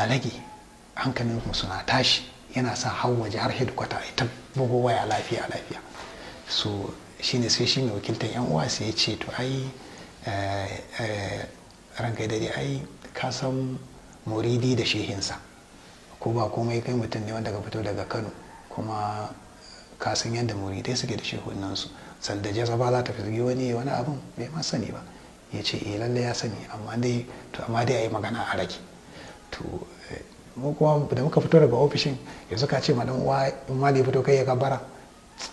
a rage hankalin suna tashi yana sa hau har jihar hedikwata ita bugu waya lafiya lafiya so shine sai shi mai wakiltar yan uwa sai ya ce to ai eh, eh, ranka dai ai ka san muridi da shehinsa ko ba komai kai mutum ne wanda ka fito daga kano kuma ka san yadda muridai suke da su sanda jaraba za ta fizgi wani wani abin bai ma sani ba ya ce eh lallai ya sani amma dai to amma dai a yi magana a rage to eh, mu kuma da muka fito daga ofishin yanzu ka ce dan uwa in ya fito kai ya bara.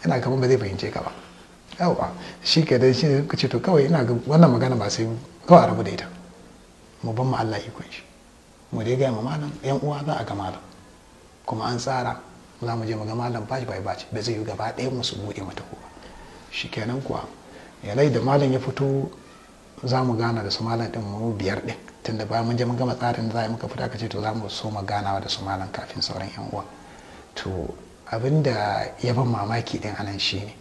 ina kaman ba zai fahimce ka ba yawa shi ke da shi ne ce to kawai ina ga wannan magana ba sai kawai rabu da ita mu ban mu Allah shi mu dai gaya ma malam yan uwa za a ga malam kuma an tsara za mu je mu ga malam baci bai baci ba zai yi gaba ɗaya mu su buɗe mata kowa shi kenan kuwa yalai da malam ya fito za mu gana da su malam ɗin mu biyar ɗin da bayan mun je mun gama tsarin za a yi muka fita ka ce to za mu so mu ganawa da su malam kafin sauran yan uwa to abin da ya ban mamaki din anan ne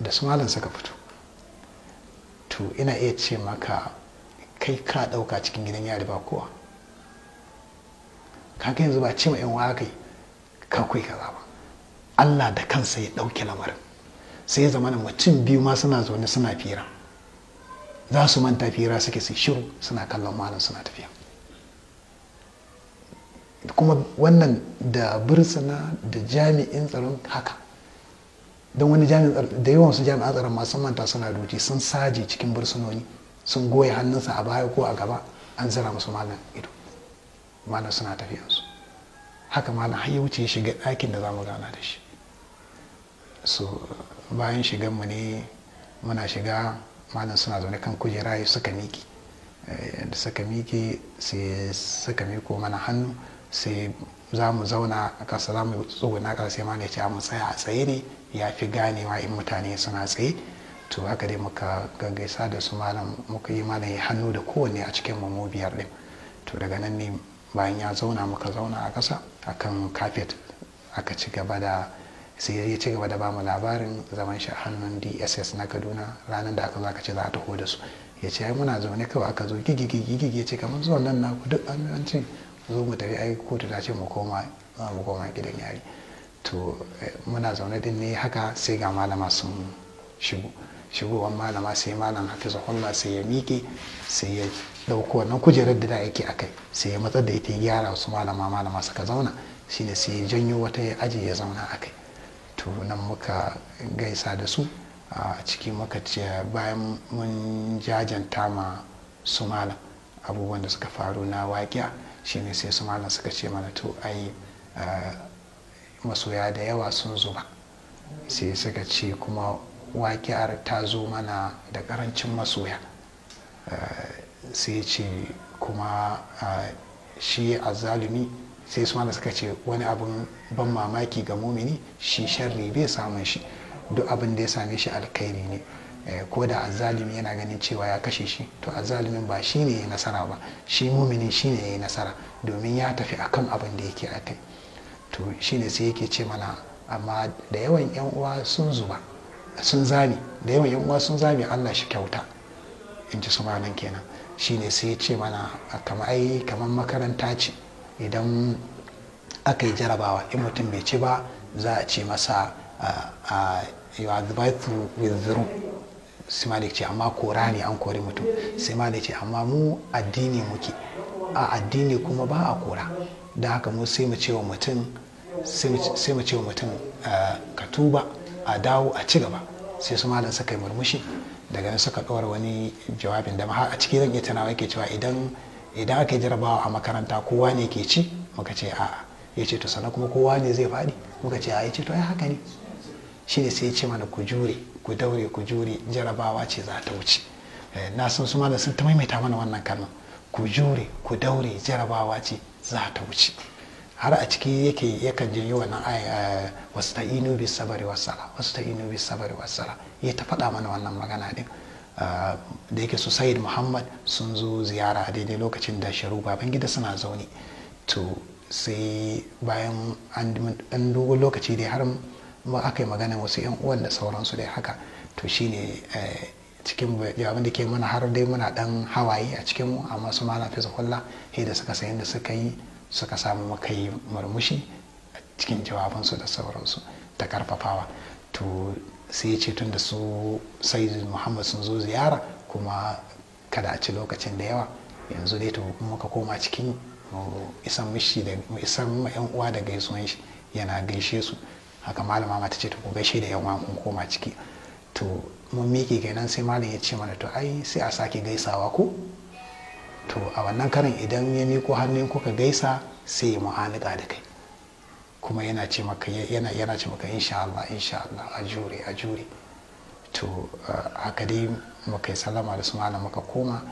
da su malam suka fito to ina iya ce maka kai ka ɗauka cikin gidan yari ba kowa ka kaga yanzu ba ce ma yan uwa kai ka kai kaza ba Allah da kansa ya ɗauki lamarin sai ya mutum biyu ma suna zaune suna fira za su manta fira suke su shiru suna kallon malam suna tafiya kuma wannan da bursuna da jami'in tsaron haka don wani jami'in da yawan su jami'an tsaron masu manta suna doji sun saje cikin bursunoni sun goya hannunsa a baya ko a gaba an zira musu malam ido malam suna tafiyansu haka malam har ya wuce shiga ɗakin da za mu gana da shi so bayan shigan mu ne muna shiga malam suna zaune kan kujera suka miki eh, da suka miki sai suka miko mana hannu sai za mu zauna a kasa za mu tsuguna kasa sai mana ce a mu tsaya a tsaye ne ya fi ganewa in mutane suna tsaye to haka dai muka gaggaisa da su malam muka yi malam hannu da kowanne a cikin mu biyar ɗin to daga nan ne bayan ya zauna muka zauna a ƙasa akan kafet aka ci gaba da sai ya ci gaba da ba mu labarin zaman shi a hannun dss na kaduna ranar da aka zo aka ce za a taho da su ya ce ai muna zaune kawai aka zo gigi gigi gigi ya ce kamar zuwan nan naku duk an ce zo mu tafi ai kotu ta ce mu koma mu koma gidan yari to eh, muna zaune din ne haka sai ga malama sun shigo shigowar malama sai malam hafizahullah sai ya miƙe sai ya ɗauko wannan kujerar da da yake a kai sai ya matsar da ita gyara su malama malama suka zauna shine sai ya janyo wata ya aje ya zauna a kai to nan muka gaisa da su a ciki muka ce bayan mun jajanta ma su malam abubuwan da suka faru na waƙiya ne sai su malam suka ce mana to ai masoya da yawa sun zuba sai suka ce kuma waƙiyar ta zo mana da ƙarancin masoya sai ce kuma shi a zalimi sai su mana suka ce wani abin ban mamaki ga mumini shi sharri bai samun shi duk abin da ya same shi alkhairi ne eh, ko da azalimi yana ganin cewa ya kashe shi to azalimin ba shi ne ya nasara ba shi mumini shi ne ya nasara domin ya tafi akan abin da yake a to shi ne sai yake ce mana amma da yawan yan uwa sun zuba sun zami da yawan yan uwa sun zami Allah shi kyauta in ji su kenan shi ne sai ya ce mana kamar ai kamar makaranta ce idan aka yi jarabawa in mutum bai ci ba za a ce masa you are through with the sai ce amma kora ne an kori mutum sai malik ce amma mu addini muke a addini kuma ba a kora da haka mu sai mu ce wa mutum sai mu ce wa mutum ka tuba a dawo a ci gaba sai su malam suka yi murmushi daga nan suka ɗora wani jawabin da ma a ciki zan iya tunawa yake cewa idan idan aka jarabawa a makaranta kowa ne ke ci muka ce a'a ya ce to sana kuma kowa ne zai faɗi muka ce a'a ya ce to ai haka ne shine sai ya ce mana ku jure ku daure ku jure jarabawa ce za ta wuce eh, na san su malam sun ta maimaita mana wannan kalma ku jure ku daure jarabawa ce za ta wuce har a ciki yake yakan janyo wannan aya eh, wasu ta inu bi sabari wasala wasu ta inu bi sabari wasala ya ta faɗa mana wannan magana din Ah, da yake su sayid muhammad sun zo ziyara a daidai lokacin da sharu babangida suna zaune to sai bayan an dogon lokaci dai har ma aka yi magana wasu yan uwan da sauransu dai haka to shine eh, cikin jawabin da ke mana har dai muna dan hawaye a cikin mu amma su malam fizahulla he da suka sayin da suka yi suka samu maka murmushi cikin jawabinsu da sauransu ta karfafawa to sai ya ce tun da su sayyid muhammad sun zo ziyara kuma kada a ci lokacin da yawa yanzu dai to muka koma cikin isan mishi da isan yan uwa da gaisuwan shi yana gaishe su haka malama mata ce to ku gaishe da yan uwa kun koma ciki to mun miƙe kenan sai malam ya ce mana to ai sai a sake gaisawa ko to a wannan karin idan ya miko hannun kuka gaisa sai ya mu'alika da kai kuma yana ce maka yana ce maka insha Allah insha Allah a jure a jure to eh, haka dai muka yi sallama da su malam muka koma